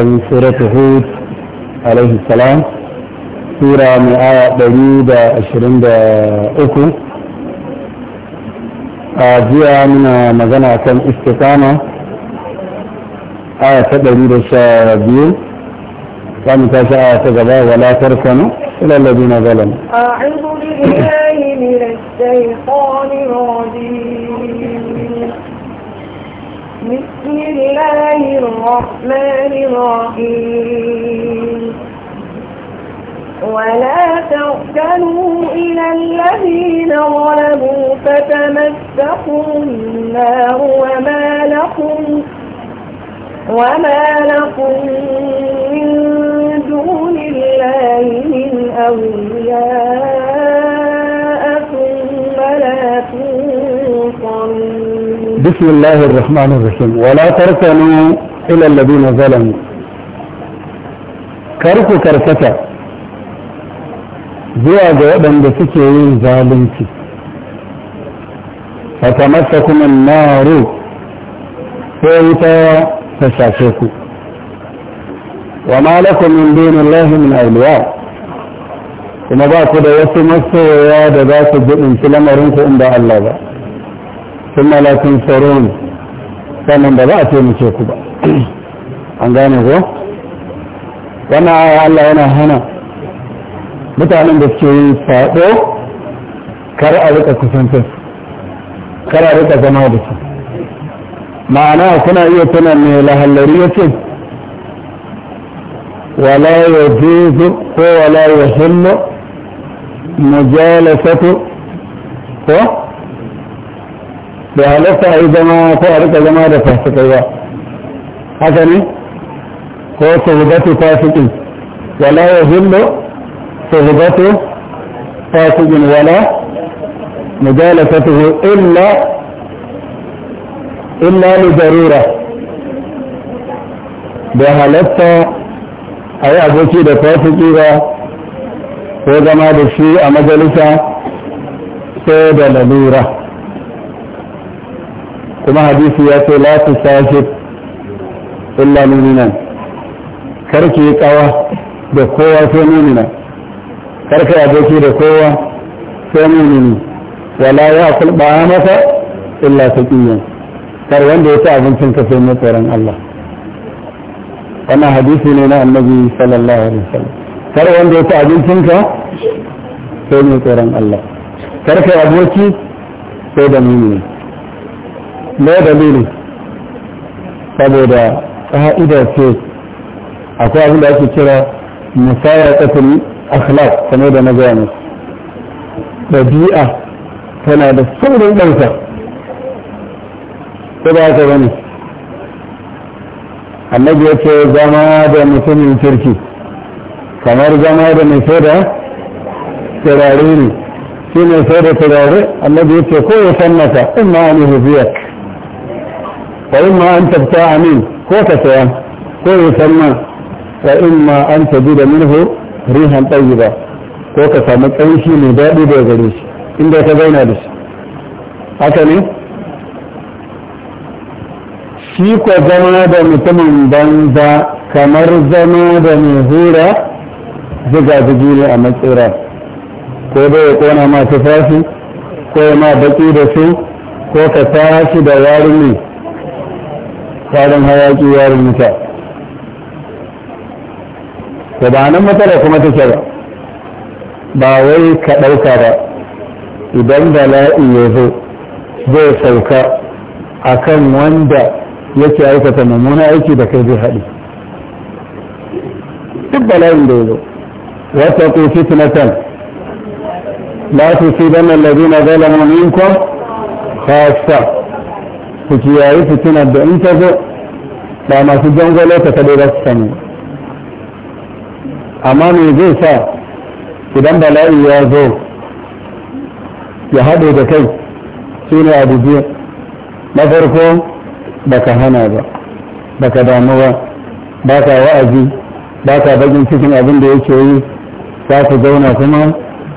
من سورة هود عليه السلام سورة مئة بريدة عشرين أكو أجيء من مزنة كم استقامة آية بريدة شابيل كان تشاء آية تجبا ولا تركنوا إلى الذين ظلموا أعوذ بالله من الشيطان الرجيم بسم الله الرحمن الرحيم ولا تركنوا إلى الذين ظلموا فتمسكوا النار وما لكم وما لكم من دون الله من أولياء بسم الله الرحمن الرحيم ولا تركنوا إلى الذين ظلموا كرك كركتا زوا جواباً بسكين ظالمتي فتمسكم النار فوتا فشاشكوا وما لكم من دين الله من أولياء kuma ba ku da wasu masoya da za su jiɗin lamarin ku inda Allah ba sun malakun tsaron sannan da ba a taimake ku ba an gane ko wannan aya Allah yana hana mutanen da suke yin faɗo kar a rika kusantar kar a rika zama da su ma'ana kuna iya tunan mai lahallari ya wala ya jezu ko wala ya hillo ko da halatta a yi zama ko a rika zama da fasikai ba haka ne ko sahibatu fasikin wala ya hillo sahibatu fasikin wala mujalasatuhu illa illa ni zarura da halatta a yi aboki da fasiki ba ko zama da shi a majalisa sai da lalura kuma hadisi ya ce la tu sahib illa mu'minan kar ki yi kawa da kowa sai mu'mina kar ka aboki da kowa sai mu'mini wala ya kul mata illa taqiyan kar wanda ya ci abincin ka sai na tsoron Allah wannan hadisi ne na annabi sallallahu alaihi wasallam kar wanda ya ci abincin ka sai ne tsoron Allah kar aboki sai da mu'mini na dalili saboda ƙa'ida ce akwai abin da ake kira musayar ƙasar akhlaq kamar da na gaya ɗabi'a tana da saurin ɗansa ko ba ka gani annabi ya ce zama da mutumin kirki kamar zama da mai sai da turare ne shi mai sai da turare annabi ya ce ko ya sannata in ma an fa imma an tabta amin ko ka saya ko ya sanna fa imma an da minhu rihan tayyiba ko ka samu ƙanshi mai daɗi da gare shi inda ka zauna da shi haka ne shi ko zama da mutumin banza kamar zama da mai hura ziga-zigi ne a matsira ko da ya kona ma ko ya ma baki da su ko ka tashi da yari ne tarin hayaki ya rubuta to ba nan matsala kuma take ba ba wai ka ɗauka ba idan bala'i ya zo zai sauka a kan wanda yake aikata mummuna aiki da kai zai haɗi duk bala'in da ya zo wata ku fitnatan la tusibanna alladhina zalamu minkum khassa ku kiyaye fitinar da in ta ba masu jangolo ta kadai za su sani amma me zai sa idan bala'i ya zo ya haɗe da kai shi ne abu biyu na farko baka hana ba baka damu ba baka wa'azi baka bakin cikin abin da yake yi za ku zauna kuma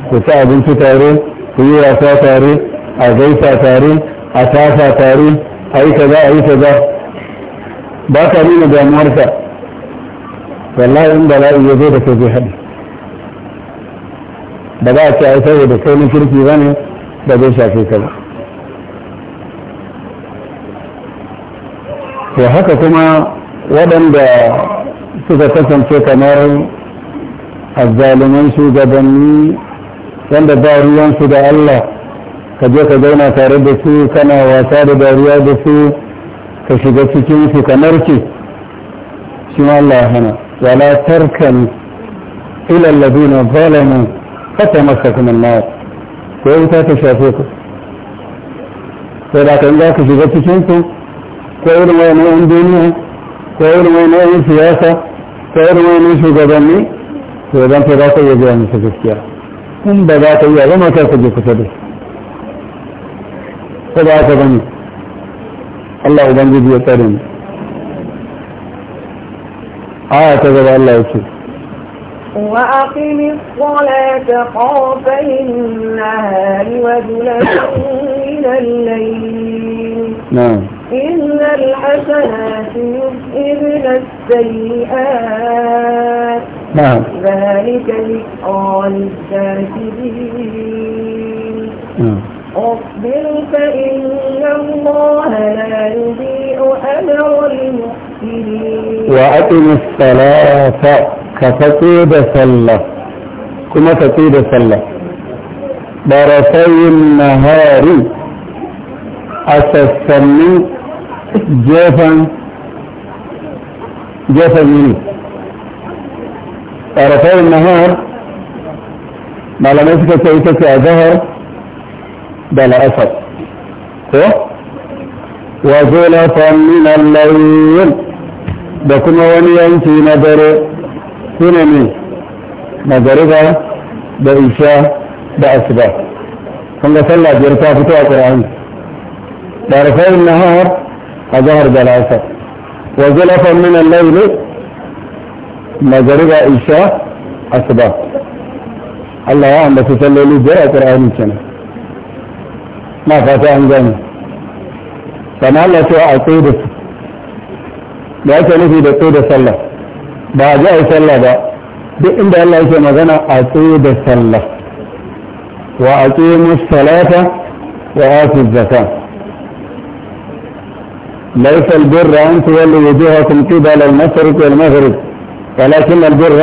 ku ci abinci tare ku yi wasa tare a gaisa tare a tasa tare a yi kaza a yi kaza ba ta nuna damuwarsa wallahi in bala'i ya zo da kai zai haɗe ba za a ce ai saboda kai na kirki ba ne da zai shafe ka ba to haka kuma waɗanda suka kasance kamar azzaliman shugabanni wanda ba ruwansu da Allah ka je ka zauna tare da su kana wasa da dariya da su ka shiga cikin su ka narke shi ma Allah ya hana wala tarkan ila alladhina zalamu fatamassakum an-nar ko wuta ta shafe ku sai da kan za ka shiga cikin su ko irin wayannan duniya ko irin wayannan siyasa ko irin wayannan shugabanni to zan ta za ka iya gaya musu gaskiya in ba za ka iya zama kar ku je kusa da su خدا ba ka اللہ Allah ubangiji ya tsare mu aya ta وأقم الصلاة طرفي النهار وزلفا من الليل نعم إن الحسنات يذهبن السيئات نعم ذلك ذكرى للذاكرين اصبر فإن الله لا يضيع أمر المحسنين وأقم الصلاة كفتيد صلى كما فتيد صلى درسي النهار أسسني جيفا جيفا مني درسي النهار ما لم يسكت يسكت أظهر بلا أسد كو وزلفا من الليل بكم وني أنت نظر سنمي نظر ذا بإشاء بأسباب كما صلى الله جرتا فتوى قرآن بارفاء النهار أظهر بلا أسد وزلفا من الليل نظر ذا إشاء أسباب الله أعلم بس صلى الله جرى قرآن كنه ما فاتهم جنة فما الله سوى عطيدة لأكل في دقيدة صلى بعد جاء صلى بقى بإن ده الله يسمى غنى عطيدة صلى وعطيم الصلاة وآتي الزكاة ليس البر أن تولي وجوهكم قبل المشرق والمغرب ولكن البر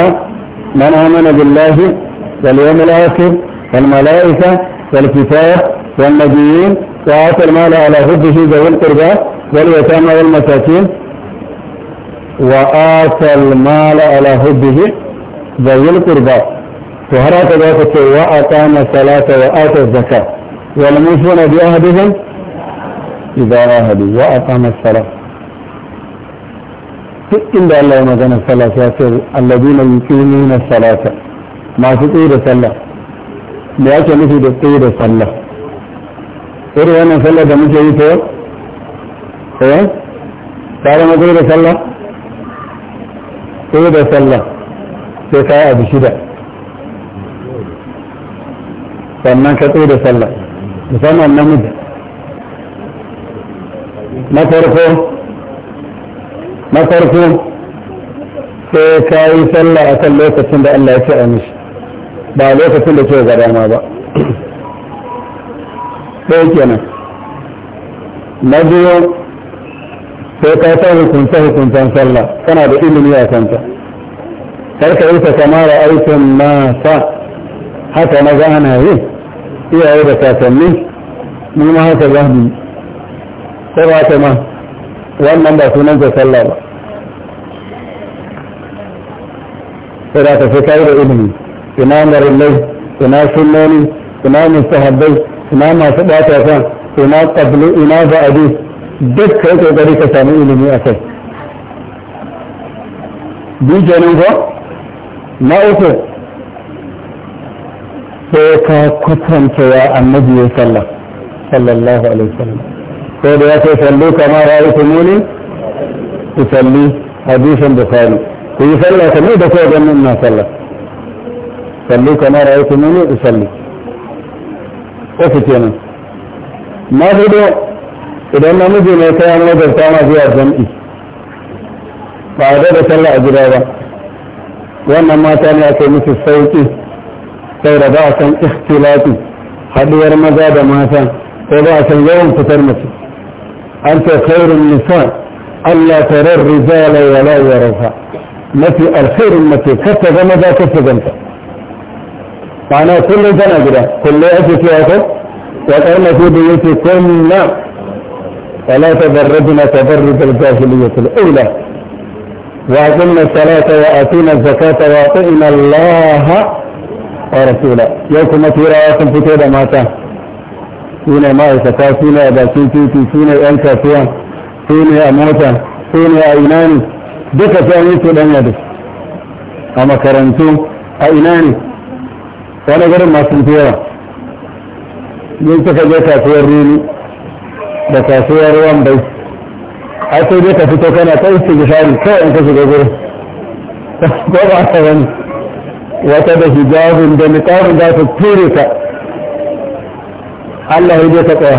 من آمن بالله واليوم الآخر والملائكة والكفاية والنبيين وآتى المال على حبه ذوي القربى واليتامى والمساكين وآتى المال على حبه ذوي القربى وهر هكذا وأقام الصلاة وآتى الزكاة والموفون بأهدهم إذا عاهدوا وأقام الصلاة إلا الله مثلا الصلاة الذين يقيمون الصلاة ما في قيد طيب الصلاة لأكل في قيد طيب الصلاة irin wannan sallar da muke yi eh? ta yau eh tare mu da sallah ko da sallah sai yi abu shida sannan ka tsaye da sallah musamman namiji na farko na farko sai ka yi sallah a kan lokacin da Allah ya ce a mishi ba lokacin da ke gada ma ba ɗaya kenan na biyu sai ka san hukunce hukuncen sallah kana da ilimi a kanta kar ka yi ta da aikin mata haka na za ana yin iyaye da kakanni mu ma haka za mu yi ko ba ta ma wannan ba sunan ta sallah ba sai da ka fi kai da ilimi ina marin ina sunnoni ina mustahabbai ina masu ɓata kan ina ƙablu ina ba'adu duk kai ƙoƙari ka samu ilimi a kai biyu kenan ko na uku sai ka kwatanta ya annabi ya sallah sallallahu alaihi wasallam ko da ya ce sallu kamar ra'ayi kumuni ku salli hadisin bukhari ku yi sallah kamar da kowa ganin na sallah sallu kamar ra'ayi kumuni ku salli uku kenan na hudu idan namiji ne kai an wajarta ma zuwa jam'i ba a da sallah a gida ba wannan mata ne aka yi musu sauki sai da ba a san ikhtilafi haduwar maza da mata sai ba a san yawan fitar mace an ce khairun nisa Allah tarar rijala wala yarafa mafi alkhairin mace kasa ga maza kasa ganta ma'ana kullum tana gida kullum ake cewa ko ya karna su da yake kunna wala tabarrajna tabarruj al-jahiliyyah al-ula wa aqimna as-salata wa atina az-zakata wa atina Allah wa rasula yau kuma turawa sun fito da mata su ne ma'aikata su ne a bakin titi su ne 'yan kasuwa su ne a mota su ne a ina ne duka sai an yi cuɗanya da a makarantu a ina ne wani garin masu fi yawa yin suka je kasuwar rini da kasuwar ruwan bai a sai dai ka fito kana ta iske gishari kawai in ka shiga gurin ko ba ta wani wata da hijabin da niƙarin za su ture ka Allah ya je ka tsaya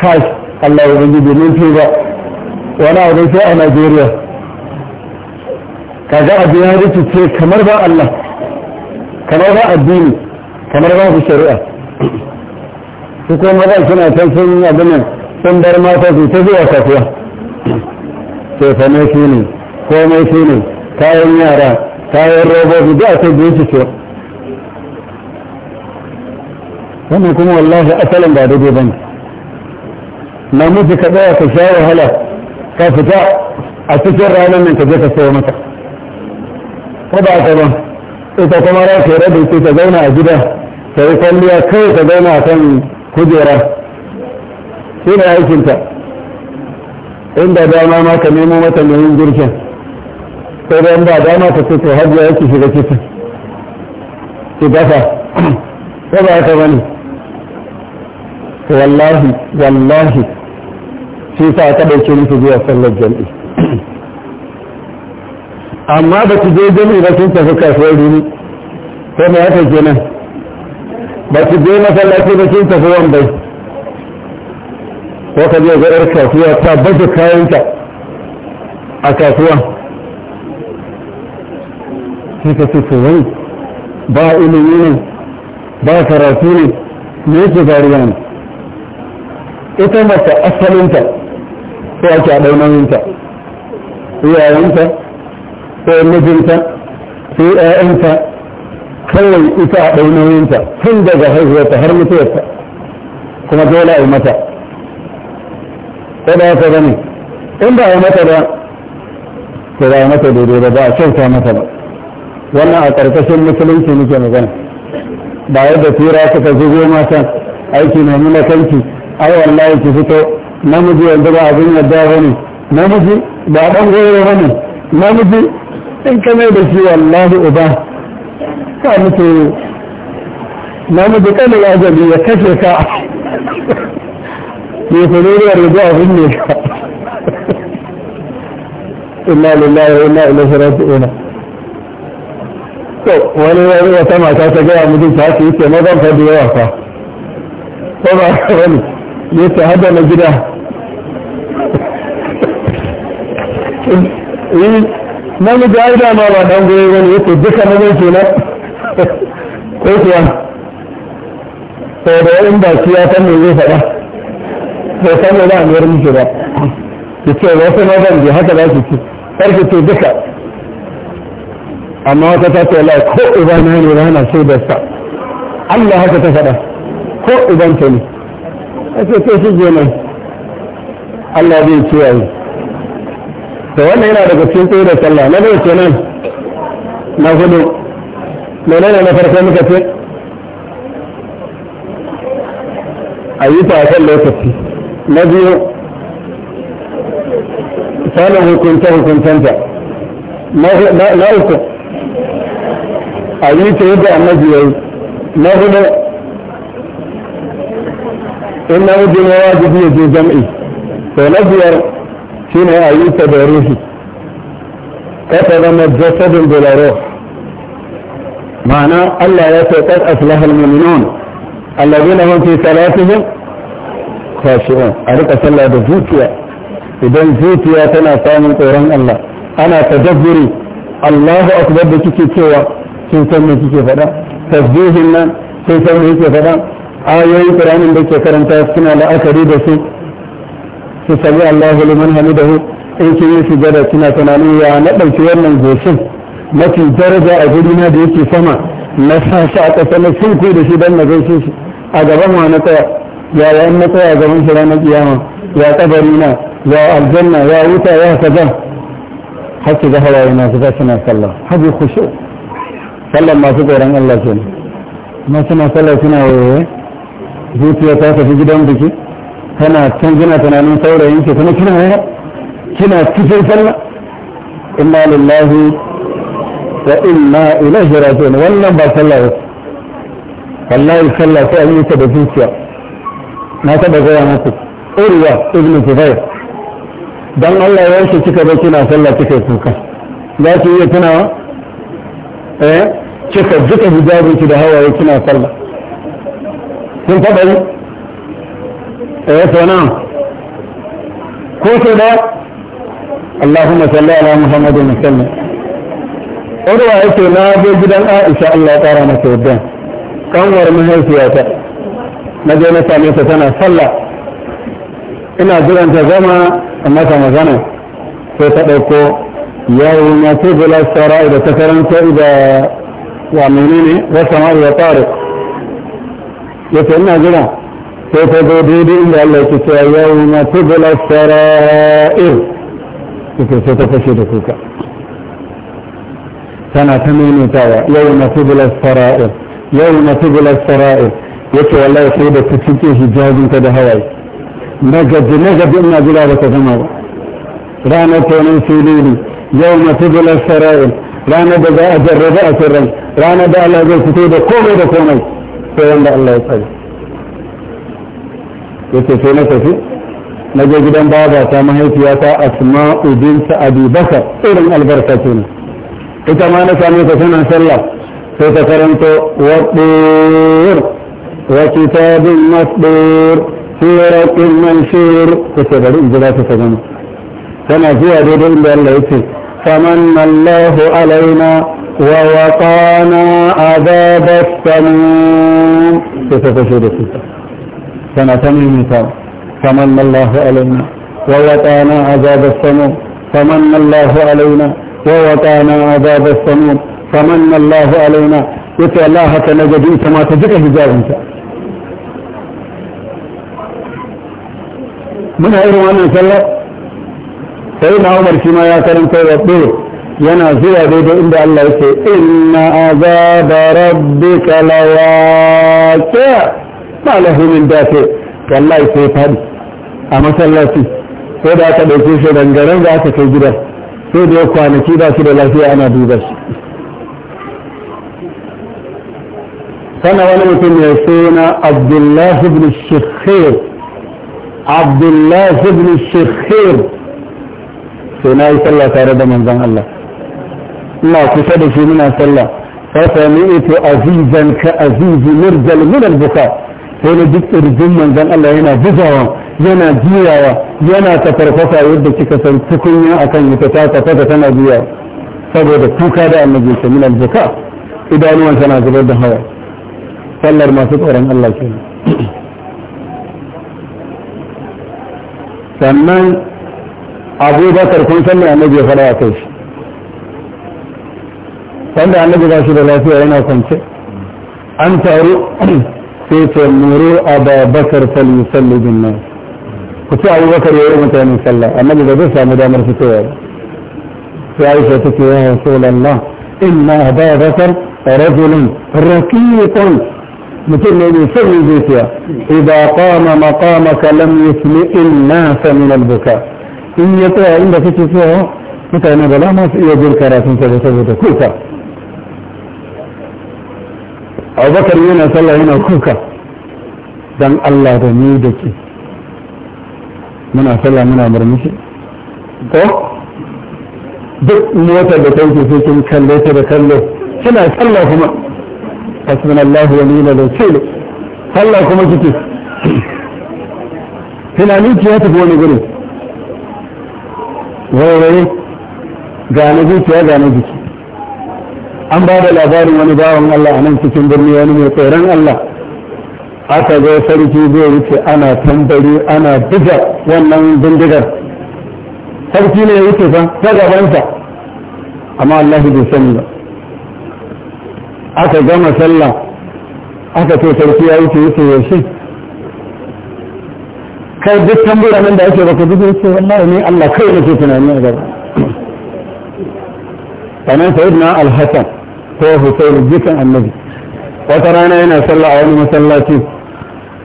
kash Allah ya ubangiji mun tuba wani abin sai a Najeriya kaga abu ya rikice kamar ba Allah kamar ba addini kamar ba ku shari'a su kuma maza suna can sun yi abin sun bar mata su ta zuwa kafiya tefane shi ne komai shi ne kayan yara kayan robobi da aka biyu su ce wannan kuma wallahi asalin ba daidai ba ne namiji ka tsaya ka sha wahala ka fita a cikin ranar nan ka je ka sayo mata ko ba ka ba ita kuma ra ke rabe ce ta zauna a gida ta yi kwalliya kai ta zauna a kan kujera shi ne aikinta inda dama ma ka nemo mata mai yin girkin sai da ba dama ta ce to hajiya yake shiga kicin ki dafa ko ba ka bane wallahi wallahi shi sa ka ɗauke musu zuwa sallar jam'i amma ba ku je jami'i ba sun tafi kasuwar rumi ko mai haka nan ba ku je masallaci ba sun tafi wambai ko ka je ga 'yar kasuwa ta baje kayanta a kasuwa sai ka ce tsoron ba ilimi ne ba karatu ne me yake faruwa ne ita mata asalinta ko ake a ɗaunayinta iyayenta ko mijinta ko ‘ya'yanta kawai ita a ɗaunayinta tun daga haihuwarta har mutuwarta kuma dole a yi mata ko da haka gani in ba a yi mata ba ko ba a yi mata daidai ba ba a kyauta mata ba wannan a ƙarƙashin musulunci muke magana ba yadda tura suka zugo mata aiki mai nuna kanki ai wallahi ki fito namiji yanzu ba abin yadda ba ne namiji ba ɗan goyo ba ne namiji in ka mai da shi wallahi uba ka mutu na mutu kan ya gabi ya kashe ka ne ku ne da rubu abin ne ka inna lillahi wa inna ilaihi raji'un to wani wani wata mata ta gaya mutum ta ce yake na zan fadi yawa fa ko ba wani ne ta hada na gida nan mu ga aida ma ba dan goyi wani yake duka na mai kenan ko kuwa sau da in ba shi ya san me zai faɗa bai san me da a mayar miki ba ki ce wasu mazan je haka ba ki ci karki ce duka amma wata ta ce la ko idan na ne na sai da sa Allah haka ta faɗa ko idan ta ne ake ce shi je nan Allah zai kiyaye To wannan yana daga cikin tsaye da sallah na bai nan? na hudu menene na farko muka ce a yi ta kan lokaci na biyu sanin hukunta hukuntanta na uku a yi ta yadda annabi ya yi na hudu in na wajen wajibi ya je jam'i to na biyar shi ne a yi ta da ruhi kata zama jasadin bularo ma'ana Allah ya ce kad aslaha almu'minun alladhina hum fi salatihim khashi'un a rika sallah da zuciya idan zuciya tana samun tsoron Allah ana tadabburi Allahu akbar da kike cewa kin san me kike faɗa tasbihin nan kin san me kike faɗa ayoyin Qur'anin da ke karanta suna la'akari da su su sami Allahu liman hamidahu in kin yi sujada kina tunanin ya na ɗauki wannan goshin mafi daraja a gurina da yake sama na sa shi a ƙasa na sunku da shi don na gaishe shi a gaban wa na tsaya ya in na tsaya gaban shi ranar kiyama ya kabari na ya aljanna ya wuta ya kaza hakki ga hawaye na zuba suna sallah habi khushu sallan masu tsoron Allah kenan kuma suna sallah suna waye zuciya ta tafi gidan biki tana can kina tunanin saurayin ke kuma kina yaya kina cikin sallah inna lillahi wa inna ilaihi raji'un wannan ba sallah ba wallahi sallah sai an yi ta da zuciya na taba gaya muku urwa ibn zubair dan Allah ya yanke kika ba kina sallah kika kuka za ki iya tunawa eh kika duka hijabinki da hawaye kina sallah kin taba yi eh sau nawa ko sau daya Allahumma salli ala Muhammadin sallam Urwa yake na je gidan Aisha Allah ya kara mata yadda kanwar mahaifiyata na je na same ta tana sallah ina jiran ta zama a mata magana sai ta ɗauko yawo na tubula sarai ta wa menene ya ستجدون إلا التي يوم تبلى السرائر ذكر ستفشدكوك سنة ثمين تاوى يوم تبلى السرائر يوم تبلى السرائر يتوى الله يحيد تتنتيه جهاز كده هواي نجد نجد إما بلابة ثمار رانا تونين سيليني يوم تبلى السرائر رانا بدأ أجر رضاء سرائر رانا بألا ذو ستوده كومي بكومي فيوم الله يطيب yace sai na tafi na je gidan baba ta mahaifiyata asma'u binta abi bakar irin albarka ce ne ita ma na same ta sunan sallah sai ta karanto wadur wa kitabin masdur fi raqin mansur ta ce bari in jira ta ta gama tana zuwa daidai inda Allah yake famanna Allahu alaina wa waqana adab as-samum sai ta fashe da su سنة من مطر فمن الله علينا ووقانا عذاب السموم فمن الله علينا ووقانا عذاب السموم فمن الله علينا يتي الله تنجدين سما تجد حجاب انت من غير شاء الله سيدنا عمر كما يا كرم كيف ينا زوى daidai عند الله yake إن عذاب ربك lawaqi' ما له من دافع والله سيفهم أما صلى الله عليه وسلم فإذا أن بيكي شدن قرن ذات كجرة فإذا أكوانا كيبا كيبا أنا دوبر فأنا ولمت من يسينا عبد الله بن الشخير عبد الله بن الشخير سنا صلى الله عليه وسلم من ذنب الله لا تشد في منا صلى عزيزا كعزيز مرجل من البخار sai na duk ƙirjin manzan Allah yana bugawa yana juyawa yana tafarfasa yadda kika san tukunya akan ita ta da tana juya saboda kuka da annabi ta min albuka idanuwan tana zubar da hawa sallar masu tsoron Allah ke sannan abubakar kun san annabi ya faɗa a kai shi sanda annabi ba shi da lafiya yana kwance an taru كيف مرور أبا بكر فليسلي بالناس كتير أبو بكر يقول متى يصلى أما إذا بس أنا دام رفتوه في عيشة يا رسول الله إن أبا بكر رجل ركيق مثل من يصلي بيتيا إذا قام مقامك لم يسمع الناس من البكاء إن يطوى عندك تسوه متى أنا بلا ما يجل كراسين تبتبتك كيف abubakar yana sallah yana kuka don allah da ni da ke muna sallah muna murmushi ko duk motar da take sai kin kalle ta da kallo kina sallah kuma Allahu wa ni'mal wakeel sallah kuma kike tunanin ki ya tafi wani guri wai wai ga na zuciya ga jiki an ba da labarin wani bawan Allah a nan cikin birni wani mai tsoron Allah aka ga sarki zai wuce ana tambari ana buga wannan bindigar sarki ne ya wuce fa ta gabansa amma Allah bai sani ba aka gama sallah aka ce sarki ya wuce wuce yaushe kai duk tambura nan da ake baka duk wuce wallahi ne Allah kai ne ke tunani a gaba sanan sayyidina al-hasan ko Hussein jikan annabi wata rana yana sallah a wani masallaci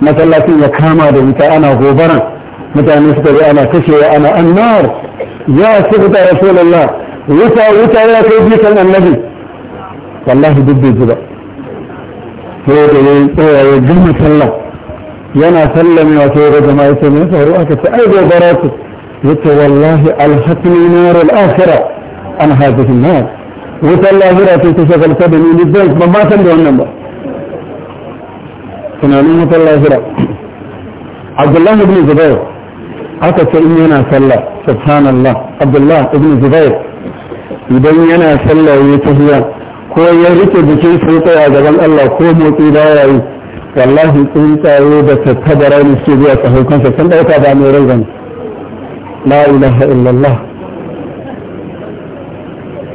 masallacin ya kama da wuta ana gobaran mutane suka bi ana kashewa ana annar ya sifita rasulullah wuta wuta ya kai jikan annabi wallahi duk bai zuba sai da ya tsaya ya gama sallah yana sallamewa sai ga jama'a ya ce me faru aka ce ai gobara ce yace wallahi alhatni nar al-akhirah an hadhihi an-nar wutar lahira ce ta shagalta da ni ni zan ban ma san da wannan ba tunanin wutar lahira abdullah ibn zubair aka ce in yana sallah subhanallah abdullah ibn zubair idan yana sallah ya tafiya ko ya rike jikin tsuntsaye a gaban Allah ko motsi baya yi wallahi tsuntsaye da tattabara ne suke zuwa tsahokansa sun dauka ba mai rai la ilaha illallah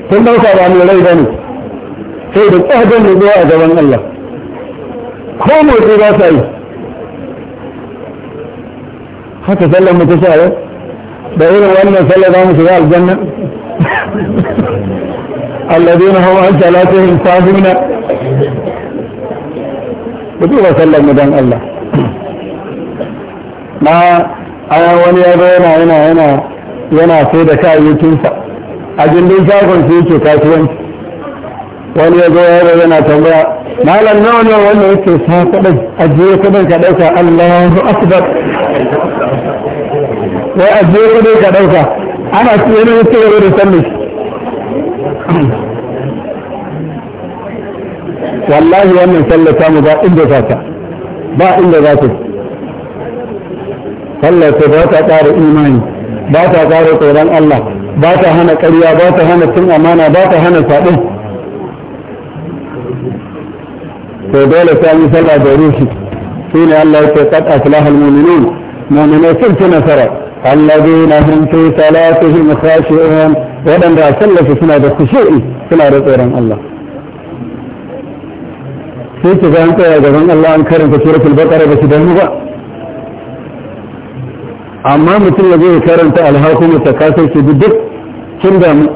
sun dauka ba mai rai bane sai da tsadan da zuwa a gaban Allah ko motsi ba sa yi haka sallar mu ta sa yau da irin wannan sallar za mu shiga aljanna الذين هم عن ثلاثهم صابون بدو sallar mu dan Allah ma a wani ya zo yana yana yana sai da kayayyakinsa a gindin shagon su yake kasuwanci wani ya zo yaro yana tambaya malam nawa ne wanda yake sa kuɗin ajiye kuɗin ka ɗauka allahu akbar wai ajiye kuɗin ka ɗauka ana yana yake yaro da sallu wallahi wannan sallata mu ba inda za ta ba inda za ta sallata ba ta ƙara imani ba ta ƙara tsoron Allah ba ta hana ƙarya ba ta hana cin amana ba ta hana saɓin to dole sai yi sallah da rushi shi ne Allah ya ce kad aslahal mu'minun mu'minai sun ci nasara alladheena hum fi salatihim khashi'un wadanda a sallafi suna da khushu'i suna da tsoron Allah sai ki ga an tsaya gaban Allah an karanta suratul baqara ba su damu ba amma mutum ya zai karanta alhakumu ta kasar su duk kin damu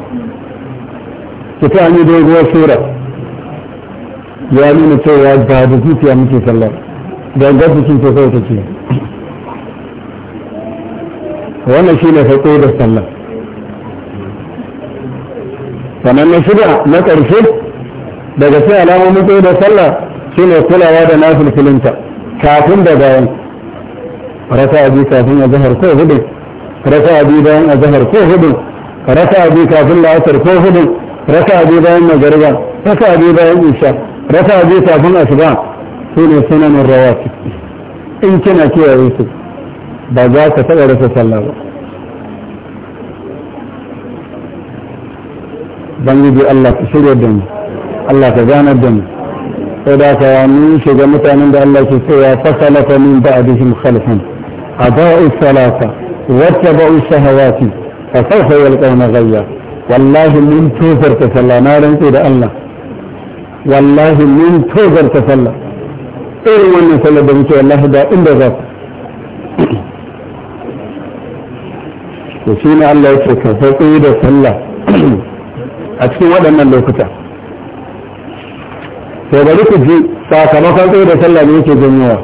ki ta ni doguwar sura ya nuna cewa ba da zuciya muke sallar ga cikin ko kawai take wannan shi ne faƙo da sallar sannan na shida na ƙarshe daga sai alamomin tsaye da sallah shi ne kulawa da nafil filinta kafin da bayan rasa abi kafin a zahar ko hudu rasa abi bayan a zahar ko hudu ركع بي كافر الله ترفوه ركع بي بيان ركع بي بيان ركع بي كافر أشباع سنة سنة الرواتب إن كنا كي أريتك بذاك تقرى رسول الله بني بي الله تسير الدم الله تزان الدم إذا كواني تسير فصلت من بعدهم خلفا أداء الصلاة واتبعوا الشهوات fa sawfa yalqawna ghayya wallahi mun tozarta sallah na rantse da Allah wallahi mun tozarta sallah irin wannan sallar da muke wallahi da inda za to shi ne Allah ce ka fatsi sallah a cikin waɗannan lokuta to bari ku ji sakamakon tsaye da sallah ne yake janyewa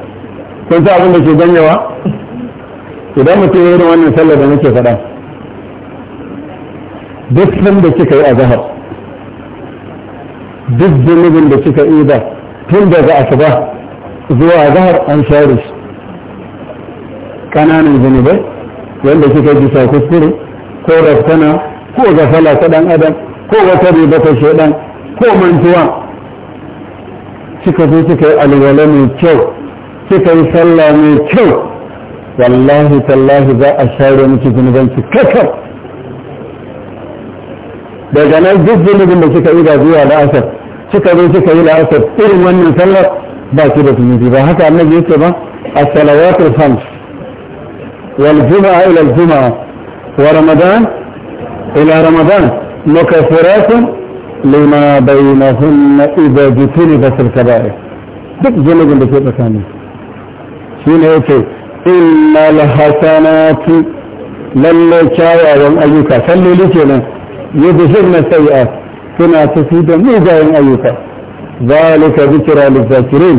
kun sa abin da ke janyewa idan mutum ya wannan sallar da muke faɗa duk da kika yi a zahar duk zunubin da kika yi ba tun daga asuba zuwa zahar an share shi kananan zunubai wanda kika bisa kuskure ko raftana ko gafala ta dan adam ko wata riba ta shaidan ko mantuwa kika zo kika yi alwala mai kyau kika yi sallah mai kyau wallahi tallahi za a share miki zunubanki kakar daga nan duk zunubin da suka yi ga zuwa la'asar suka zo suka yi la'asar irin wannan sallar ba su da zunubi ba haka annabi yake ba as-salawatu al-khams wal jumu'a ila al-jumu'a wa ramadan ila ramadan mukaffiratun lima bainahunna idza jutunibat al-kaba'ir duk zunubin da ke tsakanin shine yake innal hasanatu lalle kyawawan ayyuka salloli kenan يدخلنا السيئات كما تفيد ميزا أيك ذلك ذكرى للذاكرين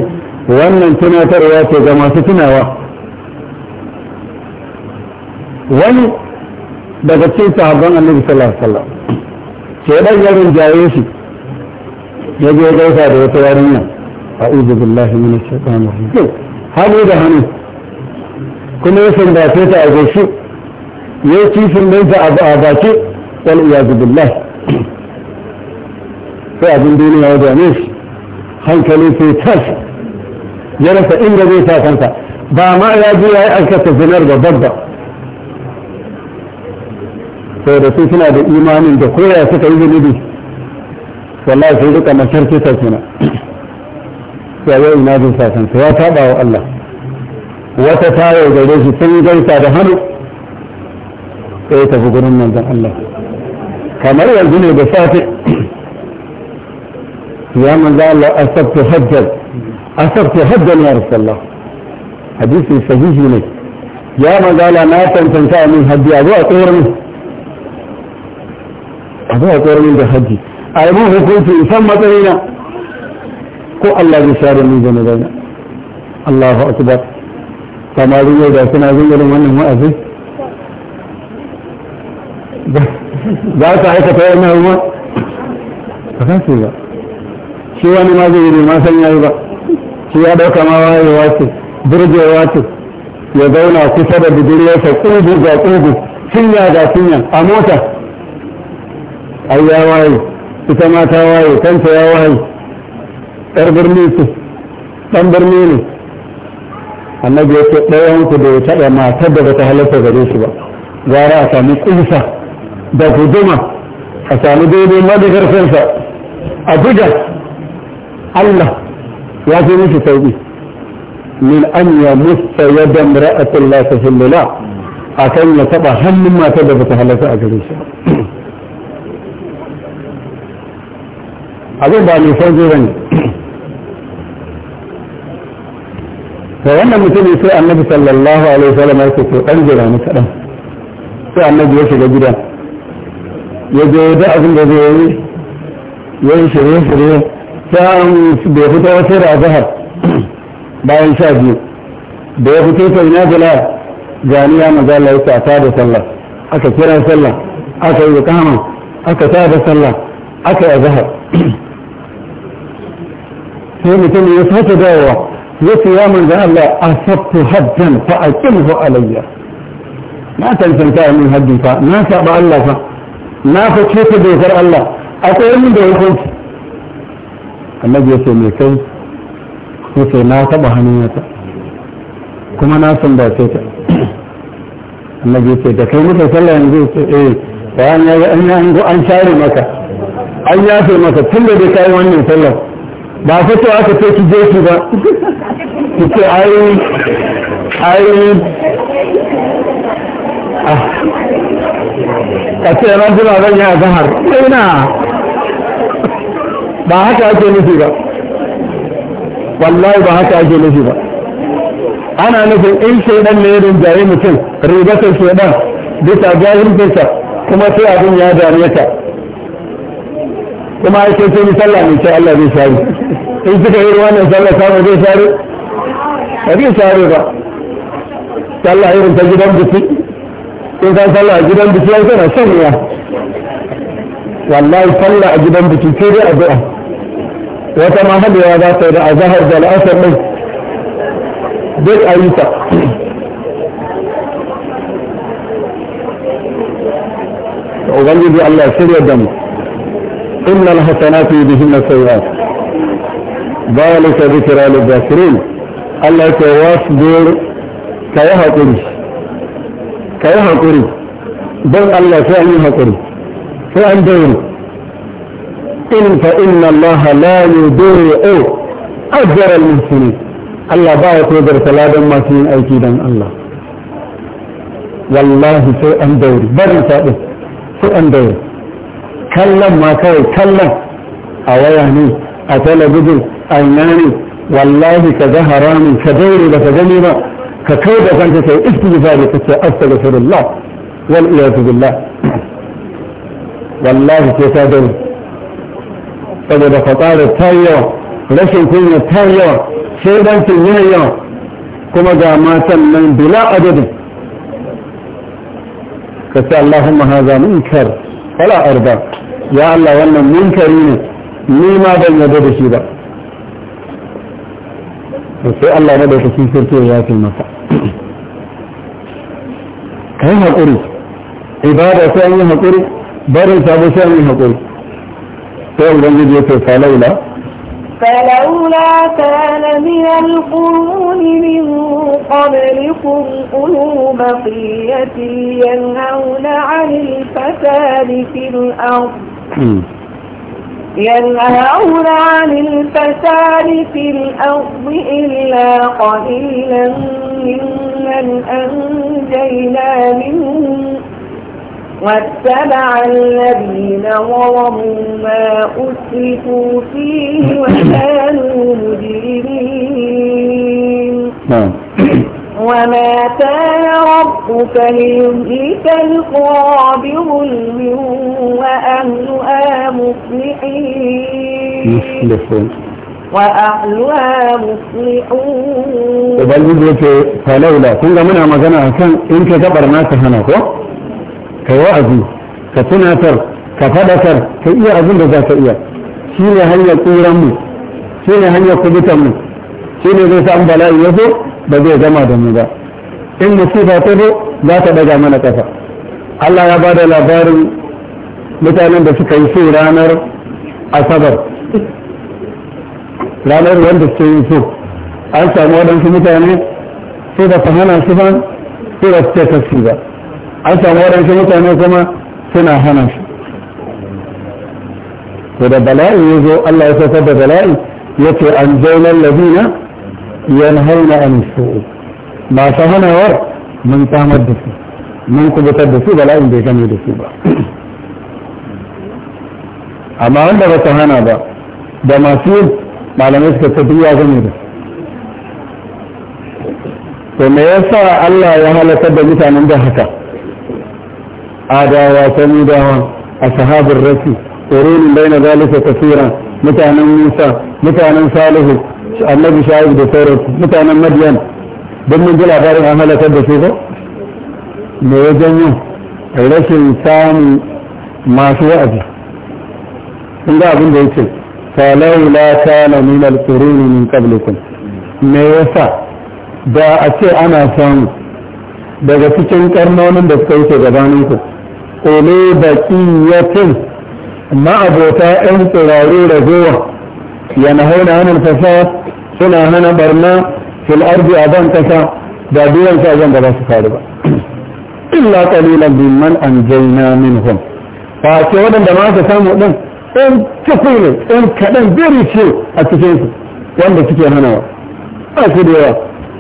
وأن انتنا ترواتي كما تتناوى وأن بغتشي تعبان النبي صلى الله عليه وسلم شيئا يرون جائشي يجي يدعو هذا وتوارينا أعوذ بالله من الشيطان الرجيم طيب، هل هذا هني كما يسمى باتيت أغشي يأتي في الميزة wal iyazu billah sai abin duniya ya dame shi hankali sai tashi ya rasa inda zai sa ba ma ya je ya yi aikata zinar da babba sai da su suna da imanin da koya suka yi zunubi wallahi sai duka masharci ta suna sai yau ina Allah wata ta yaudare shi sun gaisa da hannu sai ya gurin manzon Allah kamar yanzu ne da safe ya manzo Allah asabtu hajjan asabtu hajjan ya rasulullah hadisi sahihi ne ya manzo Allah na tantanta min hajji a zuwa tsoron a zuwa tsoron da hajji a yi mun hukunci in san matsayina ko Allah zai share min zama zaina Allahu akbar kamar yau da suna zingarin wannan wa'azi za su aikata yana ruwa ba za su ba shi wani ma zai yi ma san yayi ba shi ya dauka ma wayewa ce burgewa wace. ya zauna kusa da budurwarsa ƙugu ga ƙugu cinya ga cinya a mota ai ya waye ita ma ta waye kanta ya waye ɗar birni ce ɗan birni ne annabi ya ce ɗayan ku da ya taɓa matar da bata halarta gare shi ba gara a sami ƙusa da guduma a sami daidai madagar sansa a buga Allah ya fi mishi sauƙi min an ya musta ya damra a tallata shillula a kan ya taɓa hannun mata da bata halata a gare shi abin ba mai sauƙi ba ne to wannan mutumin sai annabi sallallahu alaihi wasallam ya ce to ɗan jira ni kaɗan sai annabi ya shiga gidan يجي بعض الذي ينشر ينشر إيه؟ فهم بيخطوة سرع ذهب باين شاجي بيخطوة ينادي لا جانيا مزال الله يتعتاد صلى أكا كرا صلى أكا يقام أكا تاب صلى أكا ذهب في مثل يسهد دعوة يسي يا من قال الله أصبت حدا فأكمه علي ما تنسى من حد فأنا سأبع الله فأنا na face ta dokar Allah akwai yin da hukunci annabi ya ce mai kai ya ce na taɓa hannunata kuma na san ba ce ta annabi ya ce da kai muka sallah yanzu ya ce eh bayan ya an yi an share maka an yafe maka tun da dai kayi wannan sallah ba ce aka ce ki je ki ba ki ce ayi ayi ah. ka ce ran jima zan yi azahar ina ba haka ake nufi ba wallahi ba haka ake nufi ba ana nufin in shaidan ne irin jaye mutum ribatar shaidan bisa jahilcinsa kuma sai abin ya dare ka kuma ake ce ni sallah ne sai Allah zai shari in suka yi wannan sallah samu zai shari ba zai shari ba sallah irin ta gidan biki sun san sallah a gidan biki yanzu na shan iya wallahi sallah a gidan biki sai dai addu'a wata ma hadewa za ta yi da azahar da al'asar ɗin duk a yi ta ubangiji Allah ya shirya da mu innal hasanatu yudhinna sayiat dhalika dhikra lil zakirin Allah ya ce wasbir kayi haƙuri ka yi haƙuri don Allah sai an yi haƙuri sai an daure in fa inna Allah la yudai'u ajra al-muhsinin Allah ba ya tozar saladan masu yin aiki don Allah wallahi sai an daure barin saɗin sai an daure kallon ma kawai kallon a waya ne a talabijin a ina ne wallahi ka ga haramun ka daure ba ka gani ba ka kai da kanka kai istighfari ka ce astaghfirullah wal iyadu billah wallahi sai ka gani saboda fasara ta yawa rashin kunya ta yawa shaidancin yayi yawa kuma ga matan nan bila adadin ka ce Allahumma haza munkar wala arda ya Allah wannan munkari ne ni ma ban yarda da shi ba to sai Allah na da cikin sarki ya fi masa kai haƙuri ibada sai an yi haƙuri barin sabo sai an yi haƙuri sai ubangiji ya ce falaula فلولا كان من القرون من قبلكم أولو بقية ينهون عن الفساد في الأرض ينهون عن الفساد في الأرض إلا قليلا ممن أنجينا منهم واتبع الذين ظلموا ما أسرفوا فيه وكانوا مجرمين نعم. وما كان ربك ليهلك القرى بظلم وأهلها مصلحون wa ahluha muslihun ubangiji yake fa laula kun ga muna magana akan in ka gabar naka hana ko ka yi wa'azi ka tunatar ka fadatar ka iya abin da za ka iya shi ne hanyar tsoron shi ne hanyar kubutan shi ne zai sa an ya zo ba zai gama da mu ba in musifa ta zo za ta daga mana kafa Allah ya ba da labarin mutanen da suka yi so ranar asabar ranar wanda suke yi so an samu waɗansu mutane su da su hana su ban su da suke kasu ba an samu waɗansu mutane kuma suna hana shi to da bala'i ya zo Allah ya saukar da bala'i ya ce an zaunar labina ينهون عن السوء ما فهنا ور من تام الدسو من كبت الدسو بل اين بيكم يدسو با اما هم با تهانا با دا ما سيب ما لم يسك تدري آزم يدس ثم يسا الله يهالا سبب نتا من ده حكا آداء وسميدا أصحاب الرسي قرون بين ذلك كثيرا متى من موسى متى من صالح annabi sha'ib da sauransu mutanen madiyan don mun ji labarin an halakar da su ba me ya janyo rashin samun masu wa'azi sun ga abin da yake falau la kana min al-quruni min qablikum me yasa da a ce ana samu daga cikin karnonin da suka wuce gabanin ku ole baqiyatin ma abota ɗan tsirarru ragowa yana hauna hannun fasad suna hana barna fil ardi a ban kasa da duwan sa zan da ba su faru ba illa qalilan mimman anjayna minhum fa ce wadanda ma ka samu din in cikin ne in kadan biri ce a cikin su wanda suke hanawa ba su da yawa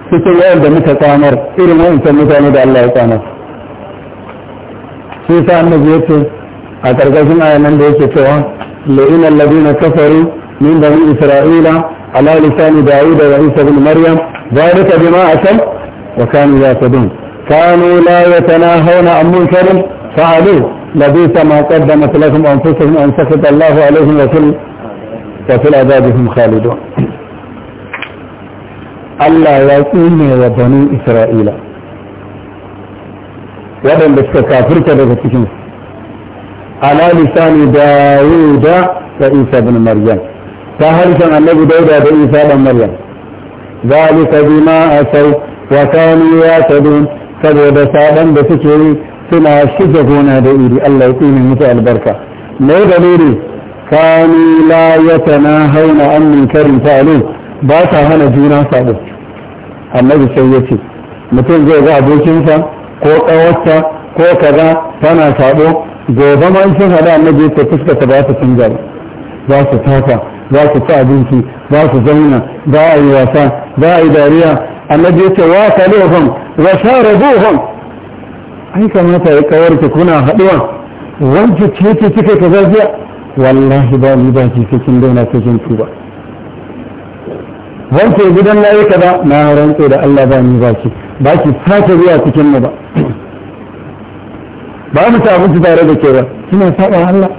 cikin yawan da muka tsamar irin wa'ancan mutane da Allah ya tsamar shi sa annabi yace a karkashin ayanan da yake cewa la'inal ladina kafaru min bani isra'ila على لسان داود وعيسى بن مريم ذلك بما أسوا وكانوا يعتدون كانوا لا يتناهون عن منكر فعلوه لبيت ما قدمت لكم أنفسهم أن سخط الله عليهم وفي وفي العذاب هم خالدون الله يعطيني وبني إسرائيل ودن بسك كافرك بسكين على لسان داود وعيسى بن مريم ta harshen annabi dauda da isa dan maryam zalika bima asau wa kanu yatadun saboda saban da suke yi suna shige gona da iri Allah ya tsine musu albarka me dalili kanu la yatanahawna an karin fa'alu ba ta hana juna sabo annabi sai ya ce mutum zai ga abokinsa ko ƙawarsa ko kaza tana sabo gobe ma in sun hada annabi ta fuska ta ba ta canza ba su taka za su ci abinci za su zauna za a yi wasa za a yi dariya annabi ya ce wa kalohon wa sharabuhon ai kamata ya kawar ki kuna haduwa wanda ce ce kike ka zafiya wallahi ba ni ba ki cikin dauna cikin tuba wanda gidan na yi kaza na rantse da Allah ba ni ba ki ba ki sake zuwa cikin mu ba ba mu ta abinci tare da ke ba kina saba Allah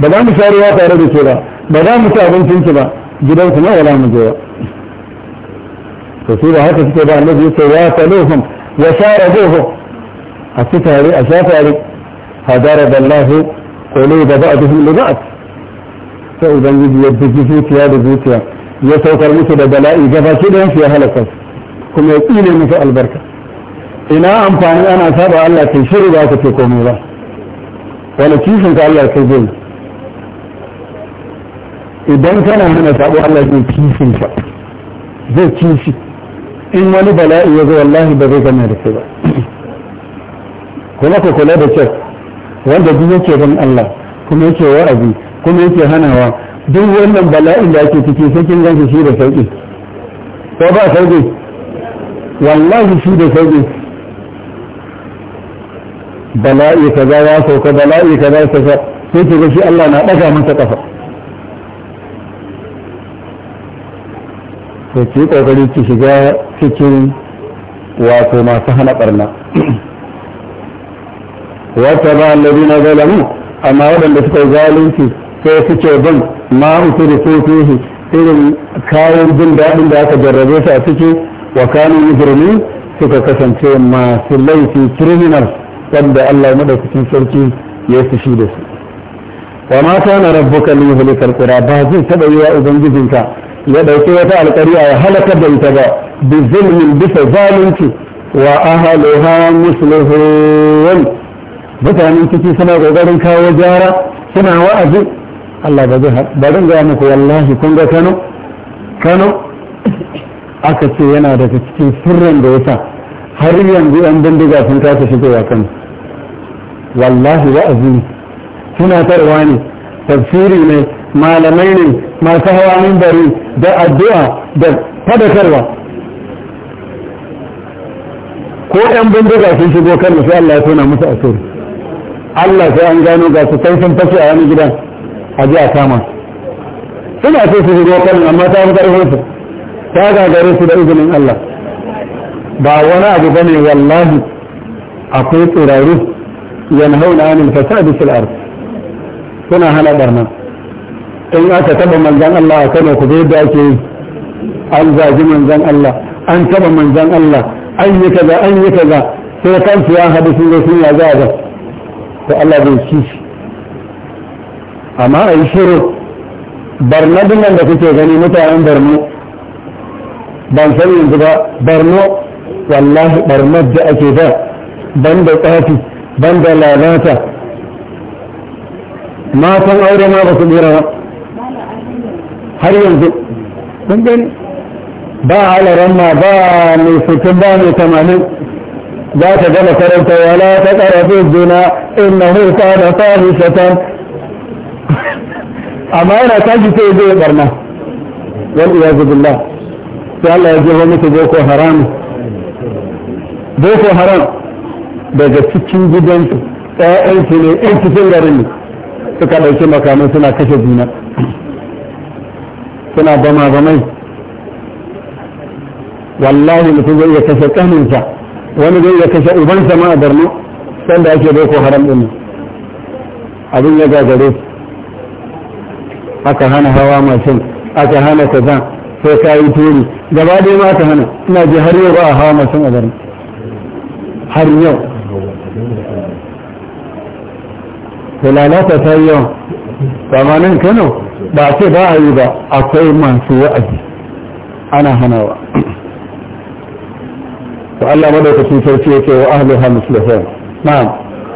ba za mu sharewa tare da ke ba ba za mu ci abincinki ba gidanku ma wala mu je ba to su ba haka suke ba annabi ya ce wa taluhum wa sharabuhu a ci tare a sha tare hadara da Allah quluba ba'dhum li ba'd sai ubangiji ya bugi zuciya da zuciya ya saukar musu da bala'i gaba shi da ya halaka kuma ya tsine musu albarka ina amfani ana saba Allah kai shiru ba ka ce komai ba wani kishin ka Allah kai zai idan kana hana sabo Allah zai kishin ka zai kishi in wani bala'i ya zo wallahi ba zai gama da kai ba kuma ka kula da kyau wanda duk yake ban Allah kuma yake wa'azi kuma yake hanawa duk wannan bala'in da ake ciki sai kin ganshi shi da sauki ko ba sauki wallahi shi da sauki bala'i kaza ya sauka bala'i kaza ya sauka sai ki ga shi Allah na daga masa kafa to ki kokari ki shiga cikin wato masu hana barna wata ba na zalamu amma waɗanda suka zalunci sai suke bin ma usiri su fihi irin kayan jin daɗin da aka jarrabe su a ciki wa kanu mujrimi suka kasance masu laifi criminal wanda Allah cikin sarki ya fushi da su wa ma kana rabbuka liyuhlikal qura ba zai taba yi wa ubangijinka ya ɗauki wata alƙariya ya halaka da ita ba bi zulmin bisa zalunci wa ahaluha muslimun mutanen ciki suna ƙoƙarin kawo gyara suna wa'azi Allah ba zai barin ga muku wallahi kun ga Kano Kano aka ce yana daga cikin sirrin da yasa har yanzu yan bindiga sun kasa shigowa Kano wallahi wa'azi suna tarwa ne tafsiri ne malamai ne masu hawa mimbari da addu'a da fadakarwa ko ɗan bindiga sun shigo kan sai Allah ya tona musu asiri Allah sai an gano ga su kai sun fashe a wani gidan a ji a kama suna so su shigo kan amma ta fi ƙarfin su ta gagare su da izinin Allah ba wani abu bane wallahi akwai tsirarru yanhauna anil fasadi fil suna hana barna in aka taba manzan Allah a Kano ku zai da ake an zagi manzan Allah an taba manzan Allah an yi kaza an yi kaza sai kansu ya haɗu sun zo sun ya za ba to Allah bai ci amma a yi shiru barna dinnan da kuke gani mutanen barno ban san yanzu ba barno wallahi barnar da ake da ban da tsafi ban da lalata matan aure ma ba su bira ba har yanzu kun gani ba halarar ma ba mai sukin ba mai tamanin za ta gama karanta wala ta karafin juna inna hulka da shatan. amma yana tashi sai zai barna wal iyazu billah sai Allah ya jefa miki boko haram boko haram daga cikin gidan ɗayan ne ɗan cikin garin ne suka ɗauki makamai suna kashe juna suna gama gamai wallahi mutum zai iya kashe kaninsa wani zai iya kashe ubansa ma a barno sanda ake boko haram din abin ya gagare aka hana hawa mashin aka hana kaza sai ka yi turi gaba dai ma aka hana ina ji har yau ba a hawa mashin a barno har yau to lalata ta yi yau kamanin kano ba ce ba a yi ba akwai masu wa'azi ana hanawa to Allah madaukakin sarki yake wa ahliha muslimin na'am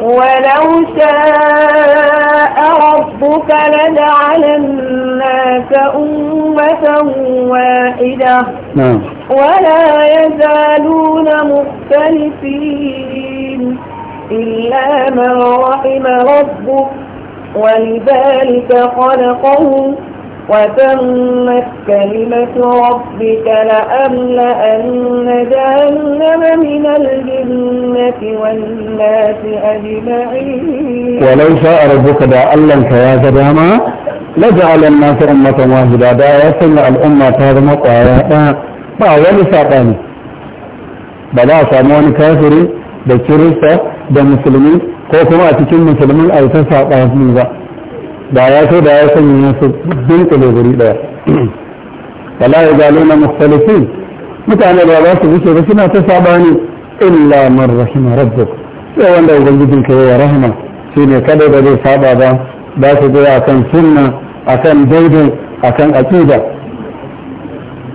ولو شاء ربك لجعل الناس أمة واحدة نعم. ولا يزالون مختلفين إلا من رحم ربك ولذلك خلقهم وتمت كلمة ربك لأملأن جهنم من الجنة والناس أجمعين ولو شاء ربك دا ألم الحياة كداما لجعل الناس أمة واحدة دا يسمع الأمة هذا قوايا ما ولي ساقاني بلا ساموني كافري samu da musulmi ko kuma a cikin musulmin a ta saɓani ba da ya so da ya sanya su dunkule guri ɗaya wala ya galo na mustalifin mutane ba za su wuce ba suna ta saɓani illa man rahima rabbuk sai wanda ubangijin ka ya rahama shine kada da zai saba ba ba su zo akan sunna akan daidai akan aqida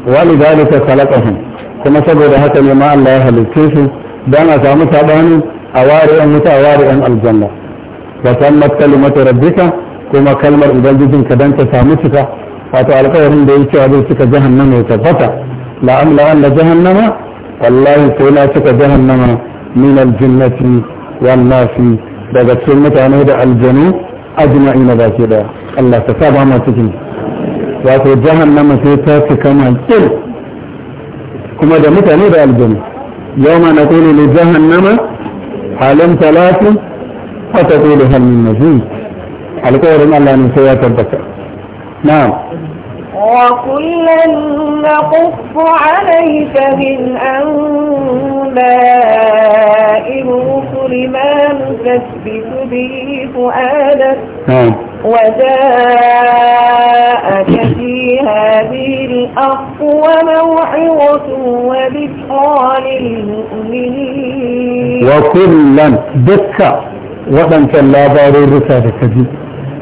walidalika khalaqahum kuma saboda haka ne ma Allah ya halitta su dan a samu saɓani أوارئ متى أوارئ الجنة وتمت كلمة ربك كما كلمة أبنجد كدن تسامتك وتعلقوا هم بيك وبيك جهنم يتبطى لأملأن جهنم والله سيلاتك جهنم من الجنة والناس daga cikin mutane da aljanu ajma'i na baki daya Allah ta saba mu cikin wato jahannama sai ta cika makil kuma da mutane da aljanu yawma naqulu li jahannama حالا ثلاث فتطولها من مزيد على قول الله من سيات البكر نعم وكلا نقص عليك من أنباء الرسل ما نثبت به فؤادك نعم وجاءك في هذه الأرض وموعظة وذكرى للمؤمنين وكلا دكا وأن كان لا بار الرسالة دي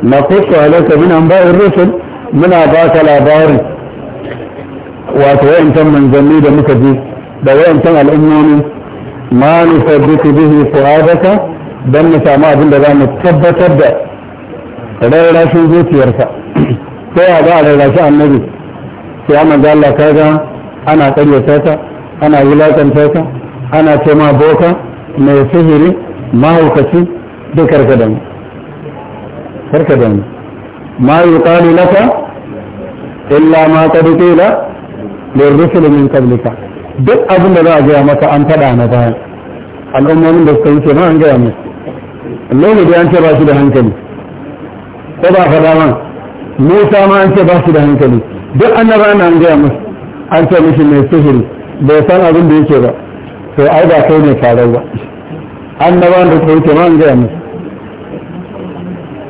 نقص عليك من أنباء الرسل من أباك لا بار وأتوين تم من زميد مكدي دوين تم الأمون ما نثبت به فؤادك بل نسامع بالله نتبت تبدأ rarrashin zuciyarsa ta a za a rarrashi annabi sai a da Allah kaga ana karyata ta ana wulakanta ta ana ce ma boka mai sihiri mahaukaci duk karkadan karkadan ma yuqalu laka illa ma qad qila lirrusul min qablika duk abin da za a gaya maka an faɗa na bayan al'ummomin da suka yi ce ma an gaya musu lokaci an ce ba shi da hankali ko ba faɗa man musa ma an ce ba su da hankali duk annaba na an gaya musu an ce mishi mai sihiri bai san abin da yake ba to ai ba kai ne farau ba annaba da kai wuce ma an gaya musu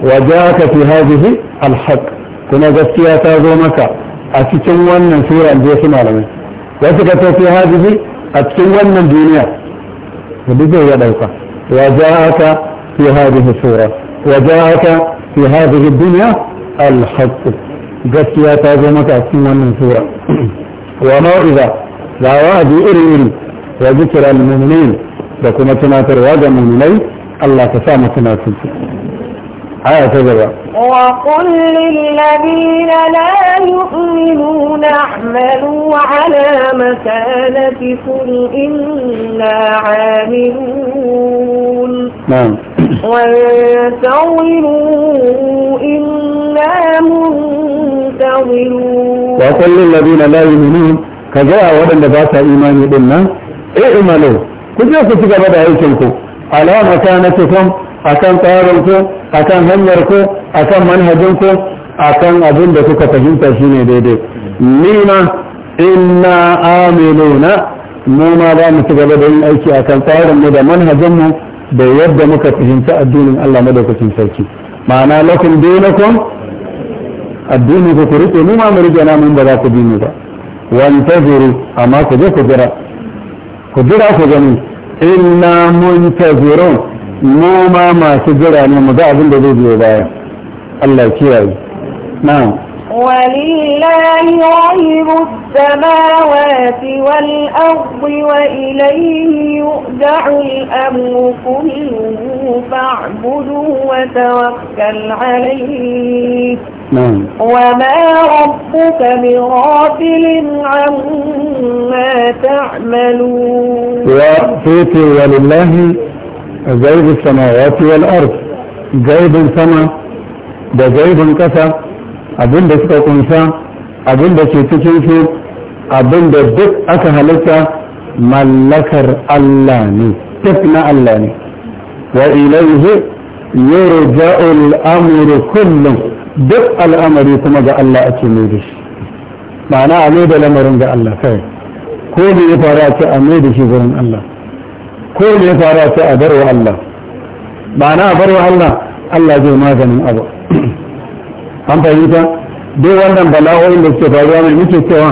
wa ja'aka fi hadhihi al-haq kuma gaskiya ta zo maka a cikin wannan sura an su malamai wasu ka ta fi hadhihi a cikin wannan duniya da duk zai ya dauka wa ja'aka fi hadhihi sura wa ja'aka في هذه الدنيا الحق جسيا تازمك وما المنصورة وموعظة وادي إلمين وذكر المؤمنين لكم تناتر واجه المؤمنين الله تسامى تناتر آية تجربة وقل للذين لا يؤمنون اعملوا على مكانتكم إنا عاملون نعم وانتظروا إنا منتظرون وكل الذين لا يؤمنون كجاء ودن بات إيمان يدنا اعملوا كجاء كتك بدا عيشنكم على مكانتكم akan tsarinku akan hanyarku akan manhajinku akan abin da kuka fahimta shine daidai nima inna amiluna mu ma za mu ci gaba da yin aiki akan tsarin mu da manhajin mu da yadda muka fahimci addinin Allah madaukakin sarki ma'ana lakum dinakum addini ku ku rike mu ma mu rike na mun ba za ku bi mu ba wantaziru amma ku je ku jira ku jira ku gani inna muntazirun mu ma masu jira ne mu ga abin da zai biyo baya Allah kiyaye na'am ولله غيب السماوات والأرض وإليه يؤدع الأمر كله فاعبده وتوكل عليه نعم. وما ربك بغافل عما تعملون وفيتي ولله غيب السماوات والأرض غيب سما ده غيب كفى abin da suka kunsa abin da ke cikin su abin da duk aka halitta mallakar Allah ne duk na Allah ne wa ilaihi yurja'u al-amru kullum duk al'amari kuma ga Allah ake mai da shi ma'ana a da lamarin ga Allah kai ko me ya fara ce a mai da shi gurin Allah ko me ya fara ce a barwa Allah ma'ana a barwa Allah Allah zai maganin abu an fahimta duk wannan bala'o'in da suke faruwa mai muke cewa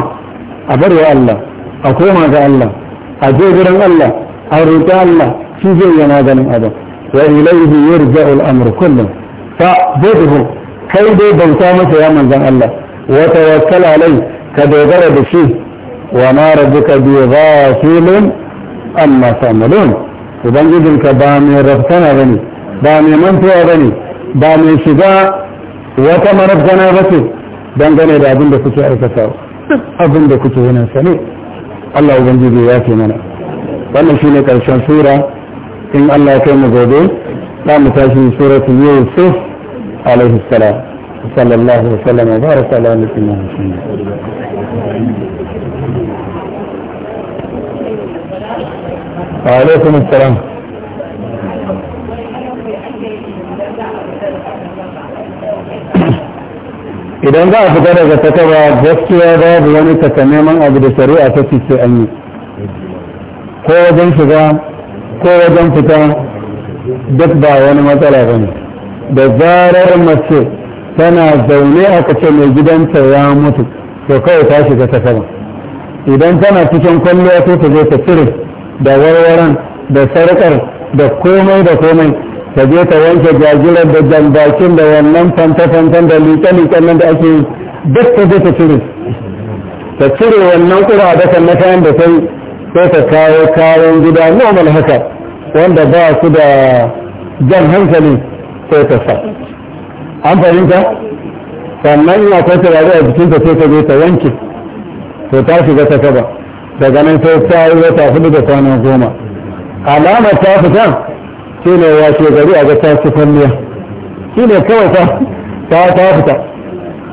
a bar wa Allah a koma ga Allah a je gidan Allah a roƙi Allah shi zai yi maganin adam wa ilaihi yarja'u al-amru kullum fa bidhu kai dai bauta masa ya manzon Allah wa tawakkal alai ka dogara da shi wa ma rabbuka bi ghafilun amma ta'malun ubangijinka ba mai rafsana bane ba mai mantuwa bane ba mai shiga wata marabtana ba ce dangane da abin da kuke aikata abin da kuke yana sane Allah ubangiji ya ce mana wannan shine karshen sura in Allah ya kai mu gobe za mu tashi suratu yusuf alaihi salam sallallahu alaihi wasallam wa baraka ala nabiyyina muhammad وعليكم السلام idan za a fita daga takaba gaskiya babu wani takamaiman abu da shari'a ta ce an yi ko wajen shiga ko wajen fita duk ba wani matsala ba ne da zarar mace tana zaune aka ce mai gidanta ya mutu to kawai ta shiga takaba idan tana cikin kwalliya ta zo ta cire da warwaran da sarƙar da komai da komai ta je ta wanke jajirar da jambakin da wannan fanta-fantan da liƙe-liƙen nan da ake duk ta je ta cire ta cire wannan kura da kan na kayan da sai sai ta kawo kayan gida normal haka wanda ba su da jan hankali sai ta sa an fahimta sannan ya akwai da a ta sai ta je ta wanke to ta shiga ta kaba daga nan sai ta yi wata hudu da kwana goma alama ta fitan shi ne washe gari a ga ta fanniya shi ne kawai ta ta fita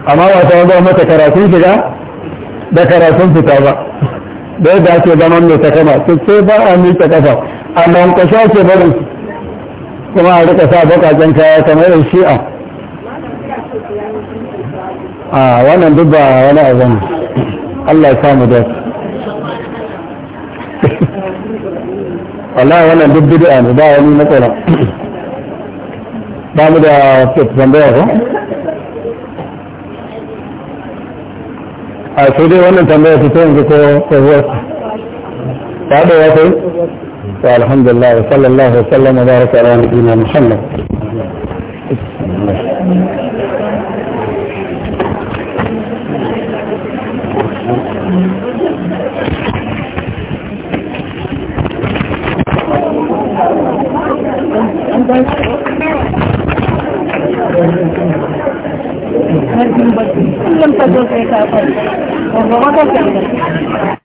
amma ba ta zama mata karatun shiga da karatun fita ba da yadda ake zaman mai takama su ce ba a miƙe kafa amma kwasha ce barin kuma a rika sa bakajen kaya kamar yin shi'a a wannan duk ba wani abu ne Allah ya samu dace wallahi wannan duk bid'a ne ba wani matsala ba mu da ke tambaya ko a sai dai wannan tambaya ta ta yanzu ko tsohuwar ta da ya kai ta alhamdulillah wa sallallahu wa sallam wa baraka ala nabiyina muhammad kullum ta zo sai ka kwanta, ba ba ka